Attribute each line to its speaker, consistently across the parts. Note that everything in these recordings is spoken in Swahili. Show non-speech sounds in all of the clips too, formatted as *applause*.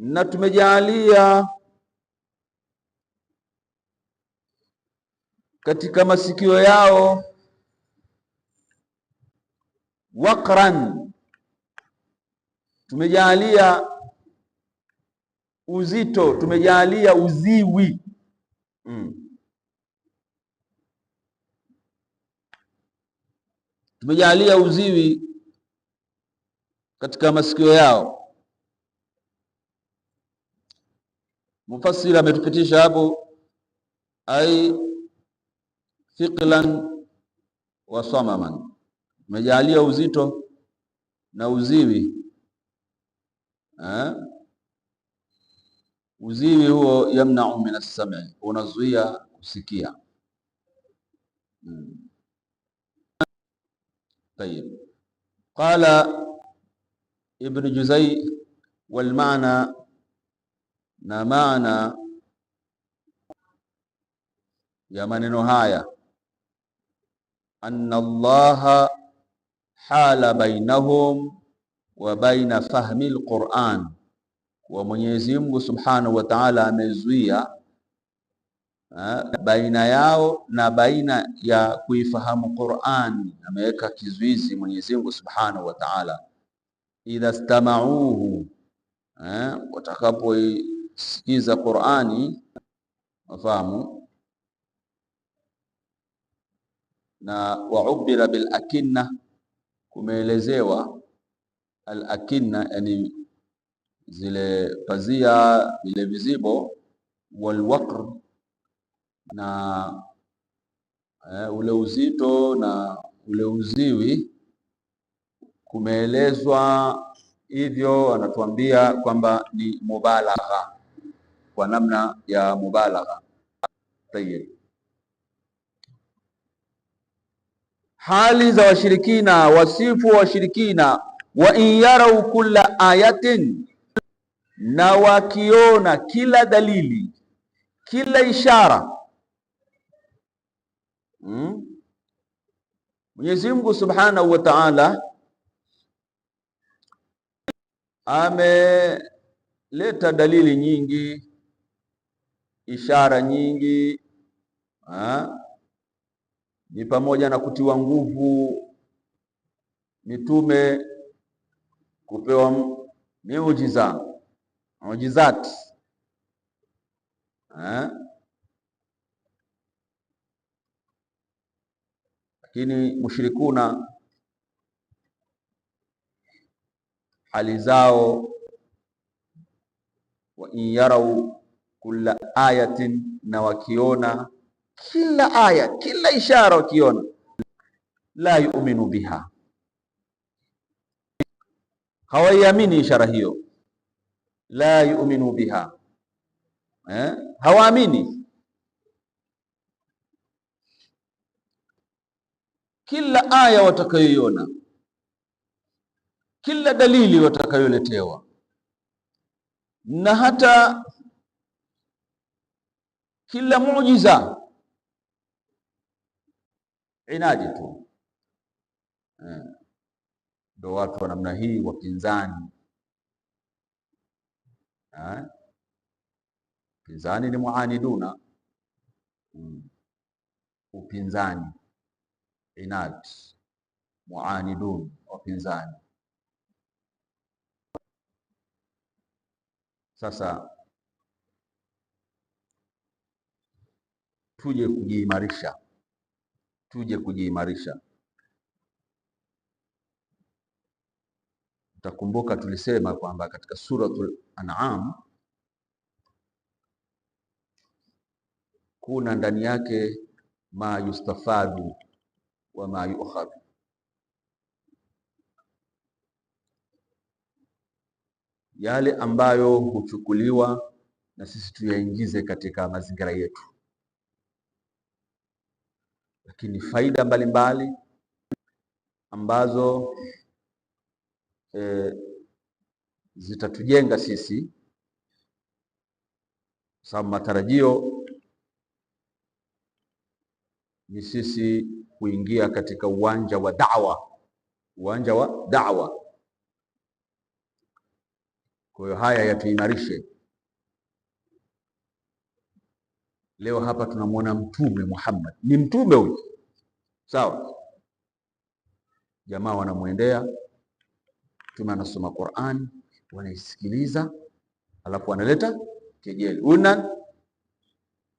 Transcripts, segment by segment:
Speaker 1: na tumejaalia katika masikio yao waqran, tumejaalia uzito, tumejaalia uziwi mm. tumejaalia uziwi katika masikio yao Mufasiri ametupitisha hapo, ai thiqlan wa samaman, umejalia uzito na uziwi ha? Uziwi huo yamnau min assami, unazuia kusikia hmm. qala Ibn Juzai wal na maana ya maneno haya anna allaha hala bainahum wa baina fahmi alquran, wa Mwenyezi Mungu subhanahu wa ta'ala amezuia baina yao na baina ya kuifahamu Qur'an, ameweka kizuizi Mwenyezi Mungu subhanahu wa ta'ala. Idha stamauhu, watakapo sikiza Qur'ani wafahamu, na waubira bil akinna, kumeelezewa al akinna, yani zile pazia vile vizibo, wal waqr na eh, ule uzito na ule uziwi kumeelezwa hivyo, anatuambia kwamba ni mubalagha kwa namna ya mubalagha. Tayeb, hali za washirikina, wasifu washirikina. Wa in yarau kulla ayatin, na wakiona kila dalili, kila ishara hmm? Mwenyezi Mungu Subhanahu wa Ta'ala ameleta dalili nyingi ishara nyingi ha? ni pamoja na kutiwa nguvu mitume, kupewa miujiza muujizati, lakini mushirikuna hali zao wa in yarau kulla ayatin, na wakiona kila aya, kila ishara wakiona, la yu'minu biha, hawaiamini ishara hiyo, la yu'minu biha eh, hawaamini kila aya watakayoiona, kila dalili watakayoletewa na hata kila muujiza inaji tu hmm. ndo, eh, watu wa namna hii wapinzani. Eh, pinzani ni muaniduna, mm, upinzani inad muanidun, wapinzani sasa tuje kujiimarisha, tuje kujiimarisha. Utakumbuka tulisema kwamba katika Suratul An'am kuna ndani yake ma yustafadu wa ma yu'khadhu yale ambayo huchukuliwa na sisi tuyaingize katika mazingira yetu lakini faida mbalimbali mbali ambazo e, zitatujenga sisi sababu matarajio ni sisi kuingia katika uwanja wa da'wa, uwanja wa da'wa. Kwa hiyo haya yatuimarishe. Leo hapa tunamwona Mtume Muhammad, ni mtume huyu, sawa? Jamaa wanamwendea Mtume, anasoma Qur'ani, wanaisikiliza, alafu analeta kejeli, una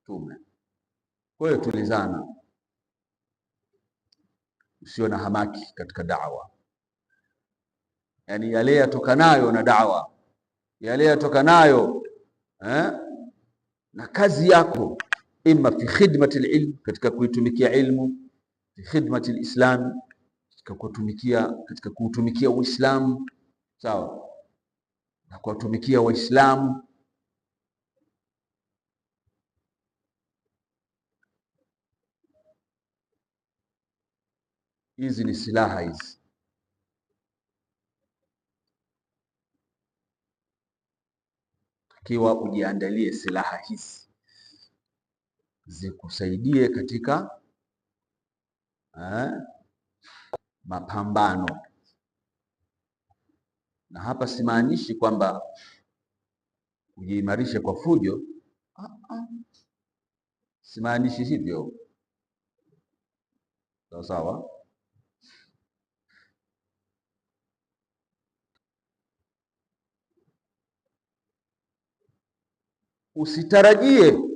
Speaker 1: mtume. Kwa hiyo tulizana, usio na hamaki katika da'wa, yaani yale yatokanayo na da'wa, yale yatokanayo eh, na kazi yako imma fi khidmati lilm, katika kuitumikia ilmu, fi khidmati lislami, katika kutumikia katika kuutumikia Uislamu, sawa na kuwatumikia Waislamu hizi ni silaha hizi. Takiwa ujiandalie silaha hizi zikusaidie katika eh, mapambano. Na hapa simaanishi kwamba ujiimarishe kwa fujo, simaanishi hivyo, sawa sawa. Usitarajie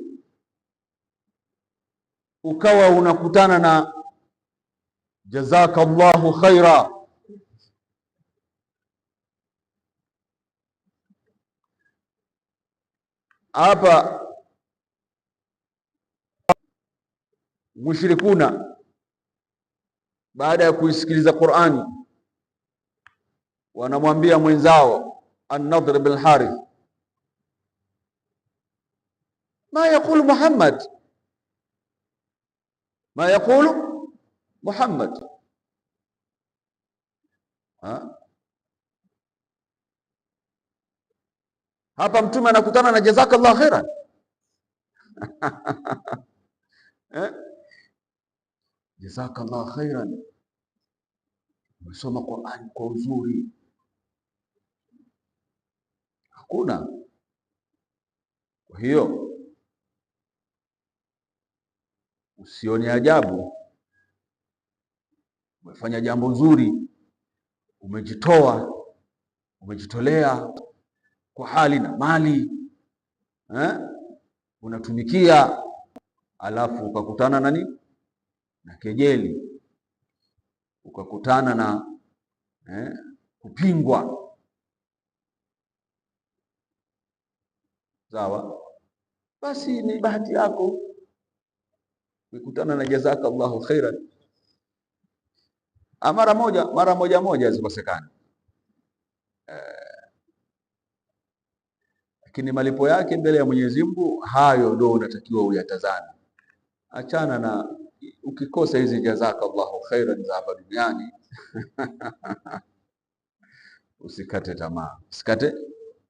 Speaker 1: ukawa unakutana na jazakallahu khaira. Hapa mushrikuna baada ya kuisikiliza Qur'ani, wanamwambia mwenzao an nadhr bil Harith, ma yaqul Muhammad ma yaqulu Muhammad ha? Hapa mtume anakutana na jazakallahu khairan *laughs* eh? Jazakallahu khairan, umesoma Qur'an kwa uzuri, hakuna. Kwa hiyo Usione ajabu, umefanya jambo zuri, umejitoa, umejitolea kwa hali na mali eh? Unatumikia alafu ukakutana nani na kejeli, ukakutana na eh, kupingwa. Sawa, basi ni bahati yako kukutana na Allahu khairan ah, mara moja mara moja moja hazikosekani, eh, lakini malipo yake mbele ya Mwenyezi Mungu, hayo ndio unatakiwa uyatazame. Achana na ukikosa hizi Allahu khairan za hapa duniani *laughs* usikate tamaa, usikate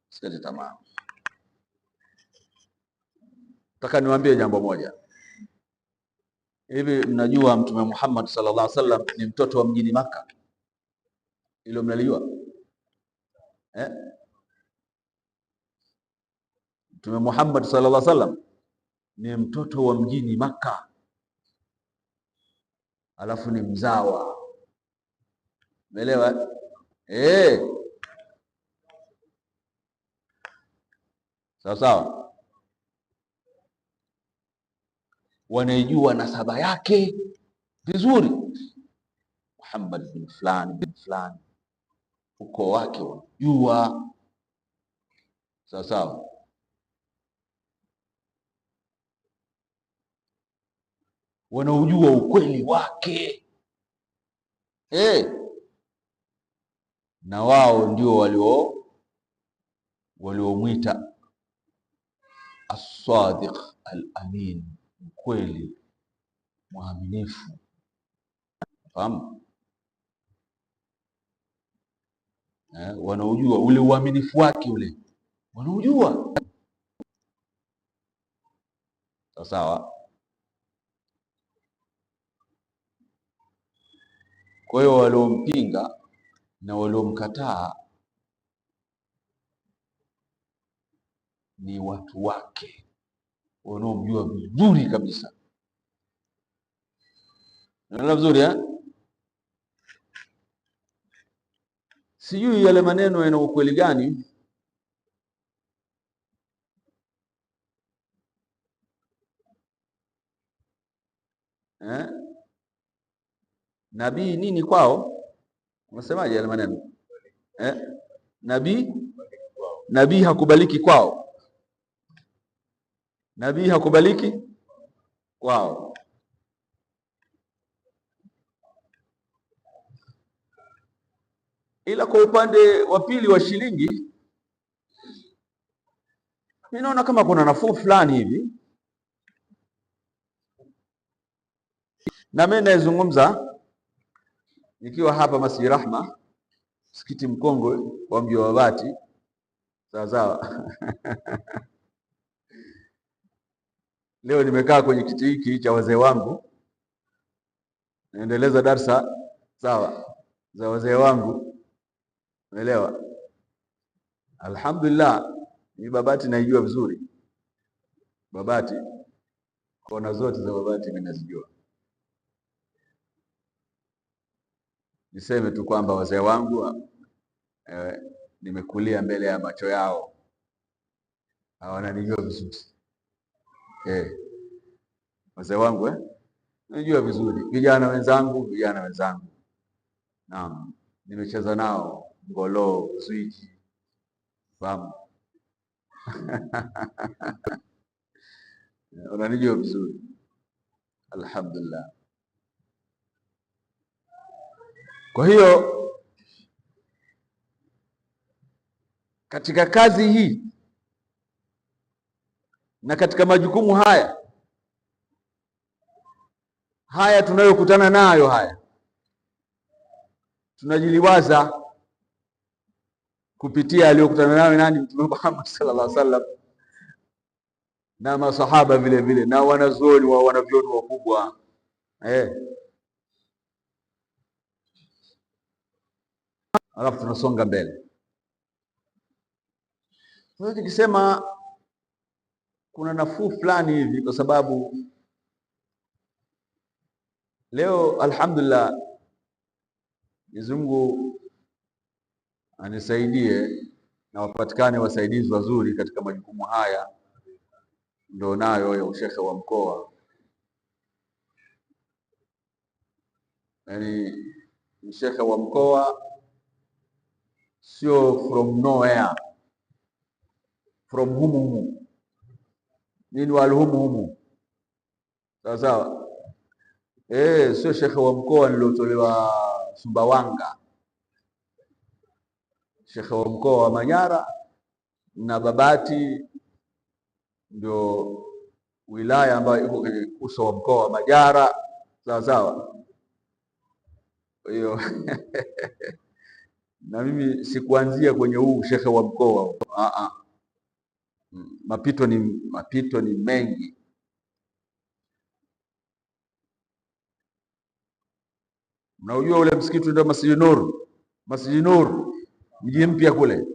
Speaker 1: usikate tamaa. Nataka niwaambie jambo moja Hivi mnajua Mtume Muhammad sallallahu alaihi wasallam ni mtoto wa mjini Maka? Hilo mnalijua eh? Mtume Muhammad sallallahu alaihi wasallam ni mtoto wa mjini Maka, alafu ni mzawa, umeelewa eh? sawa sawa wanaijua nasaba yake vizuri, Muhammad bin fulani bin fulani, ukoo wake wanajua sawa sawa. wanaojua ukweli wake eh, Na wao ndio walio waliomwita as-Sadiq al-Amin mkweli, mwaminifu. Fahamu eh, wanaujua ule uaminifu wake ule, wanaujua sawasawa. Kwa hiyo waliompinga na waliomkataa ni watu wake wanaomjua vizuri kabisa. Naona vizuri eh? Sijui yale maneno yana ukweli gani, eh? Nabii nini kwao, unasemaje yale maneno eh? Nabii nabii hakubaliki kwao nabii hakubaliki kwao. Ila kwa upande wa pili wa shilingi, ninaona kama kuna nafuu fulani hivi, na mimi naizungumza nikiwa hapa Masjid Rahma, msikiti mkongwe wa mji wa Babati, sawa. *laughs* Leo nimekaa kwenye kiti hiki cha wazee wangu, naendeleza darsa sawa za wazee wangu, umeelewa? Alhamdulillah, ni Babati naijua vizuri, Babati kona zote za Babati mimi nazijua. Niseme tu kwamba wazee wangu eh, nimekulia mbele ya macho yao, hawananijua vizuri eh, wazee wangu eh, najua vizuri vijana wenzangu, vijana wenzangu, naam, nimecheza nao ngolo Zwiji, fahamu *laughs* unanijua vizuri alhamdulillah. Kwa hiyo katika kazi hii na katika majukumu haya haya tunayokutana nayo haya, tunajiliwaza kupitia aliyokutana nayo nani? Mtume Muhammad sallallahu alaihi wasallam na masahaba vile vile na wanazuoni wa wanavyoni wakubwa eh. Alafu tunasonga mbele. Sasa tukisema kuna nafuu fulani hivi, kwa sababu leo alhamdulillah, Mwenyezi Mungu anisaidie na wapatikane wasaidizi wazuri katika majukumu haya ndo nayo ya ushehe wa mkoa. Yani mshehe wa mkoa sio from nowhere, from humuhumu nini walhumu humu, sawa sawa. Eh, sio shekhe wa mkoa niliotolewa Sumbawanga, shekhe wa mkoa wa Manyara na Babati ndio wilaya ambayo iko kwenye uso wa mkoa wa Manyara, sawa sawa. hiyo *laughs* na mimi sikuanzia kwenye huu shekhe wa mkoa mapito ni, mapito ni mengi. Mnaujua ule msikiti ndio Masjid Nur, Masjid Nur mji mpya kule.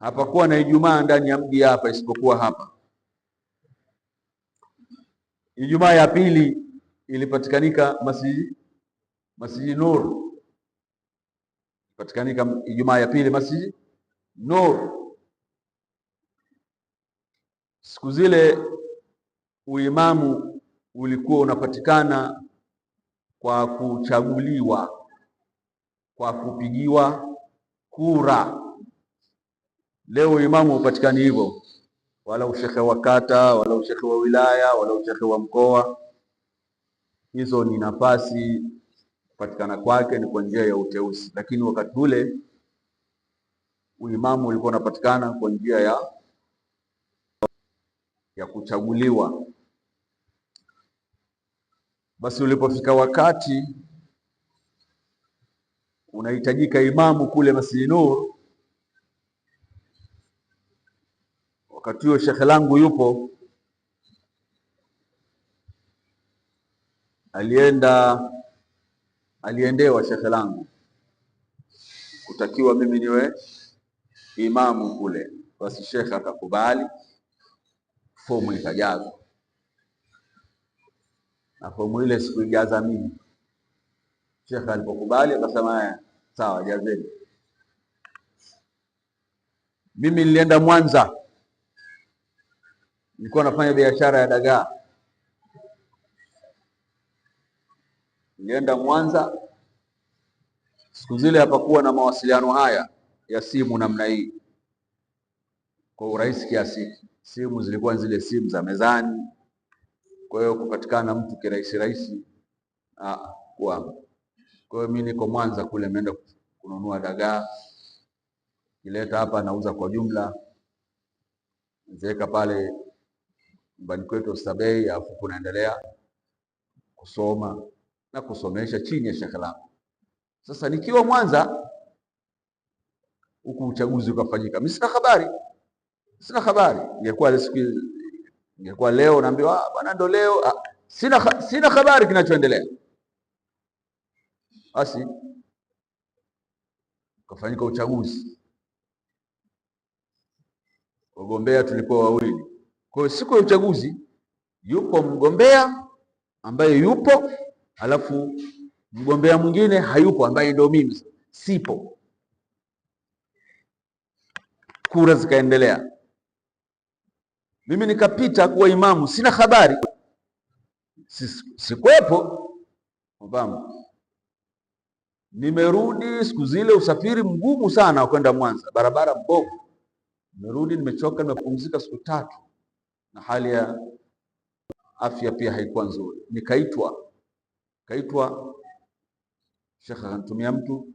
Speaker 1: Hapakuwa na Ijumaa ndani ya mji hapa isipokuwa hapa. Ijumaa ya pili ilipatikanika Masjid Masjid Nur, patikanika Ijumaa ya pili Masjid Nur. Siku zile uimamu ulikuwa unapatikana kwa kuchaguliwa, kwa kupigiwa kura. Leo uimamu upatikani hivyo, wala ushekhe wa kata, wala ushehe wa wilaya, wala ushehe wa mkoa. Hizo ni nafasi, kupatikana kwake ni kwa njia ya uteuzi, lakini wakati ule uimamu ulikuwa unapatikana kwa njia ya ya kuchaguliwa. Basi ulipofika wakati unahitajika imamu kule Masjid Nur, wakati huo shekhe langu yupo, alienda aliendewa shekhe langu kutakiwa mimi niwe imamu kule. Basi shekhe akakubali fomu ikajazwa, na fomu ile sikuijaza mimi. Shekhe alipokubali akasema haya, eh, sawa, jazeni. Mimi nilienda Mwanza, nilikuwa nafanya biashara ya dagaa. Nilienda Mwanza, siku zile hapakuwa na mawasiliano haya ya simu namna hii kwa urahisi kiasi. Simu zilikuwa zile simu za mezani, kwa hiyo kupatikana mtu kirahisi rahisi. Ah, kwa hiyo mimi niko Mwanza kule, nimeenda kununua dagaa, kileta hapa nauza kwa jumla, ziweka pale nyumbani kwetu Oysterbay, alafu kunaendelea kusoma na kusomesha chini ya shaka langu. Sasa nikiwa Mwanza huku uchaguzi ukafanyika, mimi sina habari. Sina habari. Ingekuwa siku ingekuwa leo naambiwa ah, bwana ndo leo ah, sina sina habari kinachoendelea. Basi ukafanyika uchaguzi, wagombea tulikuwa wawili. Kwa hiyo siku ya uchaguzi yupo mgombea ambaye yupo, alafu mgombea mwingine hayupo, ambaye ndio mimi sipo. Kura zikaendelea mimi nikapita kuwa imamu, sina habari, sikuwepo mfahamu. Nimerudi siku zile, usafiri mgumu sana wa kwenda Mwanza, barabara mbovu. Nimerudi nimechoka, nimepumzika siku tatu, na hali ya afya pia haikuwa nzuri. Nikaitwa kaitwa, Sheikh, akanitumia mtu,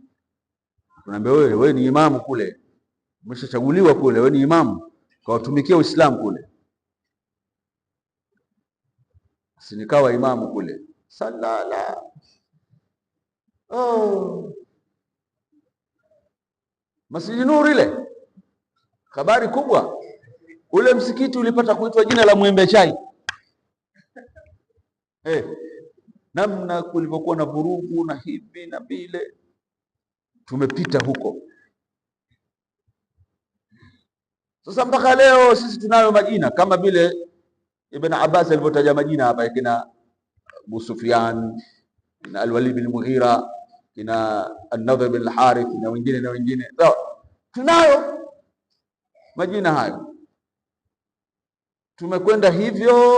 Speaker 1: tunaambia wewe, wewe ni imamu kule, umeshachaguliwa kule, wewe ni imamu, kawatumikia Uislamu kule. Sinikawa imamu kule salala oh. Masjidi Nur ile habari kubwa, ule msikiti ulipata kuitwa jina la mwembe chai hey. Eh. Namna kulivyokuwa na vurugu na hivi na vile, tumepita huko sasa mpaka leo sisi tunayo majina kama vile Ibn Abbas alivyotaja majina hapa kina Abu Sufyan kina Al-Walid bin Mughira kina An-Nadhr bin Al-Harith na wengine na wengine, sawa. Tunayo majina hayo, tumekwenda hivyo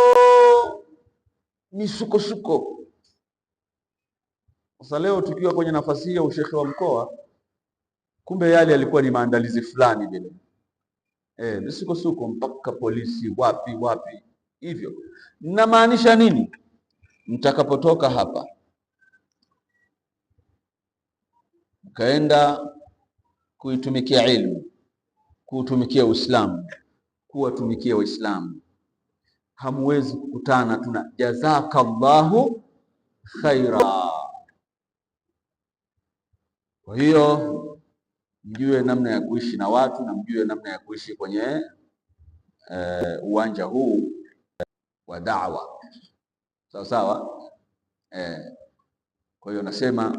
Speaker 1: misukosuko. Sasa leo tukiwa kwenye nafasi hii ya ushekhe wa mkoa, kumbe yale yalikuwa ni maandalizi fulani vile, eh, misukosuko mpaka polisi, wapi wapi hivyo. Namaanisha nini? Mtakapotoka hapa mkaenda kuitumikia ilmu, kuutumikia Uislamu, kuwatumikia Waislamu, hamwezi kukutana tuna jazakallahu khaira. Kwa hiyo mjue namna ya kuishi na watu na mjue namna ya kuishi kwenye uwanja eh, uwanja huu wa da'wa sawa sawa. Eh, kwa hiyo nasema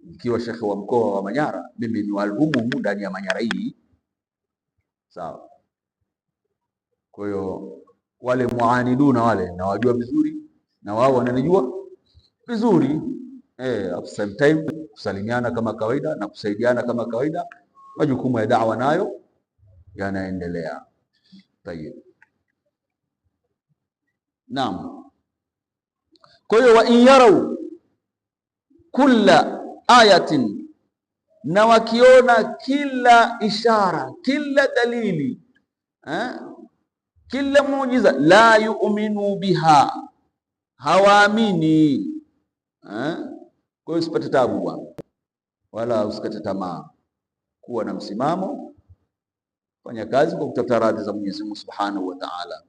Speaker 1: nikiwa shekhe wa mkoa wa Manyara, mimi ni walhumumu ndani ya Manyara hii sawa. Kwa hiyo wale muaniduna wale nawajua vizuri na wao wananijua vizuri eh, at same time kusalimiana kama kawaida na kusaidiana kama kawaida, majukumu ya da'wa nayo yanaendelea. Tayeb. Naam. Kwa hiyo wa in yarau kulla ayatin, na wakiona kila ishara, kila dalili eh? kila muujiza, la yu'minu biha, hawaamini. Eh, kwa hiyo usipate tabu bwana, wala usikate tamaa, kuwa na msimamo, fanya kazi kwa kutafuta radhi za Mwenyezi Mungu Subhanahu wa Ta'ala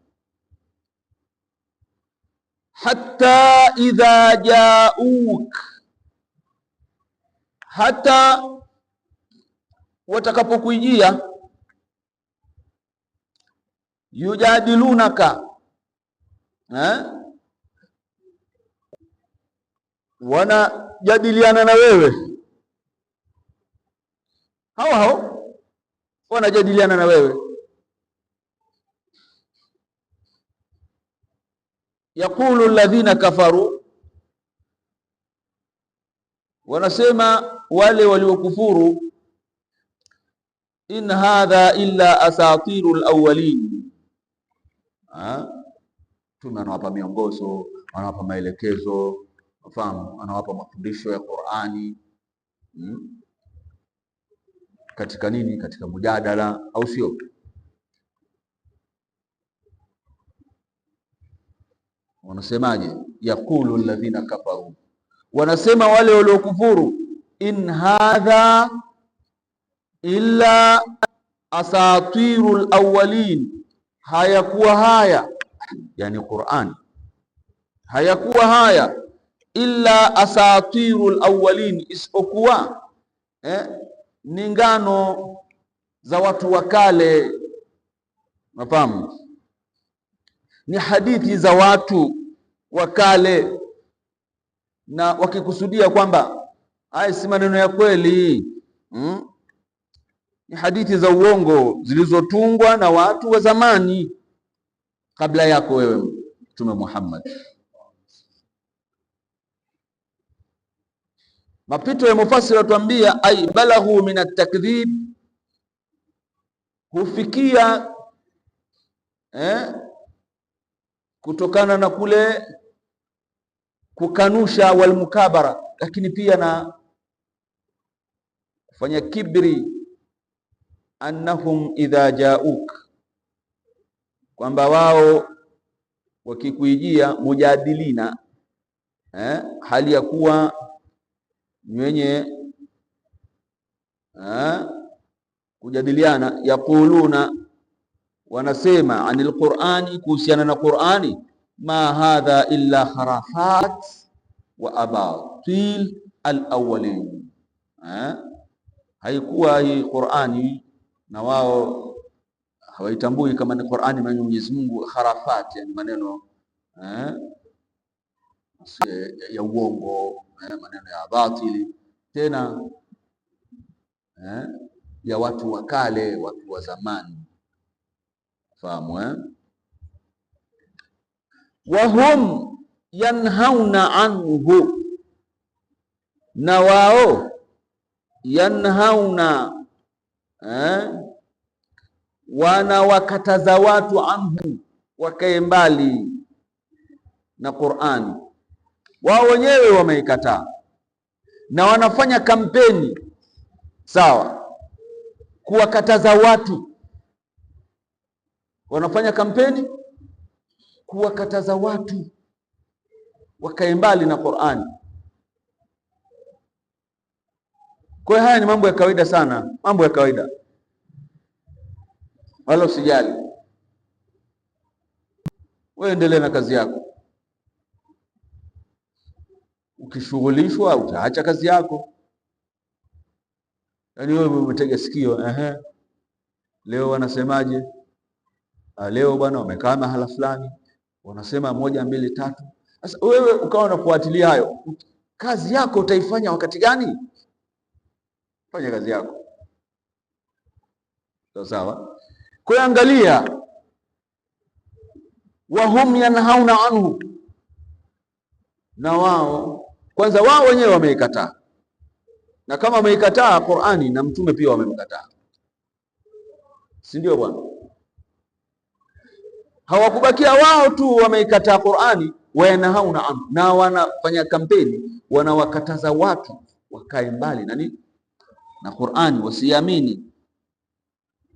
Speaker 1: hatta idha jauk, hata watakapokuijia, yujadilunaka eh, wanajadiliana na wewe, hao hao wanajadiliana na wewe yaqulu alladhina kafaru, wanasema wale waliokufuru, in hadha illa asatiru alawwalin. Mtume anawapa miongozo, anawapa maelekezo, fahamu, anawapa mafundisho ya Qur'ani hmm? katika nini? Katika mujadala, au sio? Wanasemaje? yaqulu alladhina kafaru, wanasema wale waliokufuru, in hadha illa asatiru lawalin hayakuwa haya yani Qur'an, hayakuwa haya illa asatiru lawalin isipokuwa eh, ni ngano za watu wa kale, nafahamu ni hadithi za watu wa kale, na wakikusudia kwamba haya si maneno ya kweli hmm? Ni hadithi za uongo zilizotungwa na watu wa zamani kabla yako wewe Mtume Muhammad. Mapito ya mufasiri atuambia ai balaghu min at-takdhib, hufikia eh, kutokana na kule kukanusha walmukabara, lakini pia na kufanya kibri, annahum idha jauk, kwamba wao wakikuijia mujadilina eh, hali ya kuwa wenye eh, kujadiliana, yaquluna wanasema anil Qur'ani, kuhusiana na Qur'ani, ma hadha illa kharafat wa abatil alawwalin ha? Eh? haikuwa hii Qur'ani na wao hawaitambui kama ni Qur'ani, ya Mwenyezi Mungu kharafat, yani maneno eh? ya uongo eh, maneno ya batili tena ya watu wa kale, watu wa zamani fahamu eh? wahum yanhauna anhu, na wao yanhauna eh? wanawakataza watu anhu, wakae mbali na Qur'ani. Wao wenyewe wameikataa na wanafanya kampeni sawa, kuwakataza watu wanafanya kampeni kuwakataza watu wakae mbali na Qur'ani. Kwa hiyo haya ni mambo ya kawaida sana, mambo ya kawaida, wala usijali, wewe endelee na kazi yako. Ukishughulishwa utaacha kazi yako. Yaani wewe umetega sikio, ehe, leo wanasemaje? Ah, leo bwana wamekaa mahala fulani, wanasema moja mbili tatu. Sasa wewe ukawa unafuatilia hayo, kazi yako utaifanya wakati gani? Fanya kazi yako sawa sawa. wahum yanhauna anhu, na wao kwanza, wao wenyewe wameikataa, na kama wameikataa Qur'ani na mtume pia wamemkataa, si ndio bwana? hawakubakia wao tu wameikataa Qur'ani, wayanahauna anhu, na wanafanya kampeni, wanawakataza watu wakae mbali nani na Qur'ani, wasiamini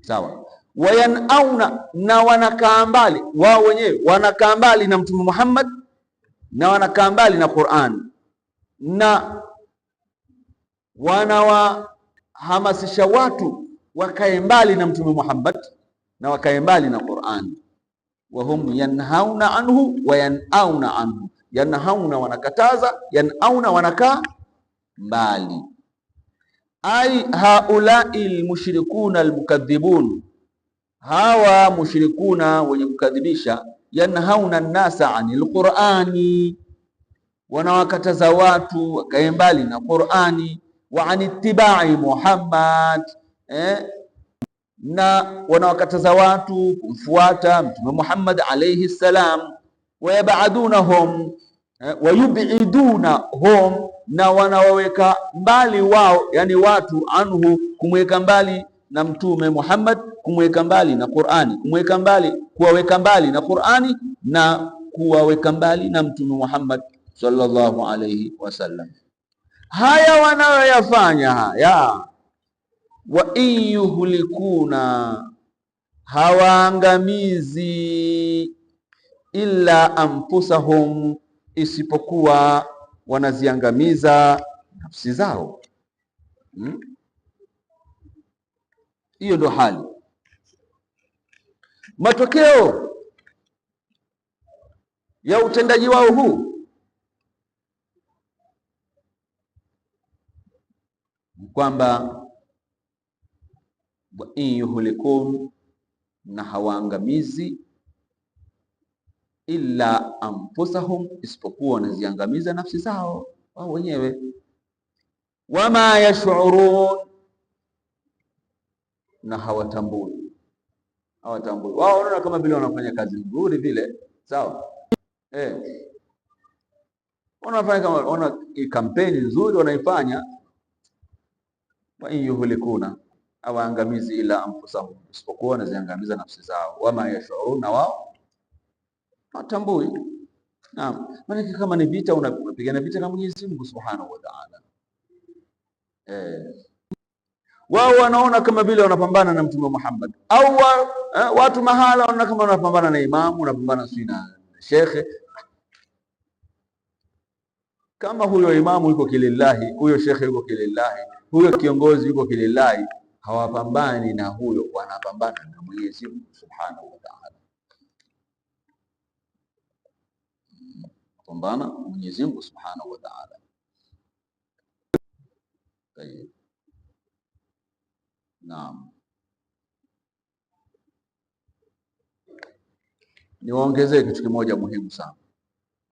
Speaker 1: sawa. Wayanauna, na wanakaa mbali wao wenyewe, wanakaa mbali na Mtume Muhammad na wanakaa mbali na Qur'ani, na wanawahamasisha watu wakae mbali na Mtume Muhammad na wakae mbali na Qur'ani wa hum yanhauna anhu wa yanauna anhu. Yanhauna wanakataza, yanauna wanakaa mbali. Ai haulai lmushrikuna almukadhibun, hawa mushrikuna wenye kukadhibisha. Yanhauna nnasa ani lqurani, wanawakataza watu wakae mbali na Qurani. Wa an ittibai Muhammad eh? na wanawakataza watu kumfuata Mtume Muhammad alayhi salam, wayabadunahum eh, yubiduna hum, na wanawaweka mbali wao, yani watu anhu, kumweka mbali na Mtume Muhammad, kumweka mbali na Qur'ani, kumweka mbali, kuwaweka mbali na Qur'ani na kuwaweka mbali na Mtume Muhammad sallallahu alayhi wasallam. Haya wanayoyafanya haya wa in yuhlikuna, hawaangamizi illa anfusahum, isipokuwa wanaziangamiza nafsi zao. Hmm? Hiyo hmm? Ndo hali matokeo ya utendaji wao huu kwamba wa in yuhlikum, na hawaangamizi illa anfusahum, isipokuwa wanaziangamiza nafsi zao wao wenyewe. Wama yashurun, na hawatambui, hawatambui wao. Wanaona kama vile wanafanya kazi nzuri vile, sawa eh, wanafanya kama wana kampeni nzuri wanaifanya, wa in yuhlikuna awaangamizi ila anfusahum, isipokuwa wanaziangamiza nafsi zao. Wama yashurun, na wao watambui. Naam, maana kama ni vita, unapigana vita na Mwenyezi Mungu Subhanahu wa Ta'ala. Eh, wao wanaona kama vile wanapambana na Mtume Muhammad au wa, eh, watu mahala wanaona kama wanapambana na imamu, wanapambana si na shekhe. Kama huyo imamu yuko kilillahi, huyo shekhe yuko kilillahi, huyo kiongozi yuko kilillahi hawapambani na huyo, wanapambana na Mwenyezi Mungu Subhanahu wa Ta'ala, pambana Mwenyezi Mungu Subhanahu wa Ta'ala. Naam, niwaongezee kitu kimoja muhimu sana.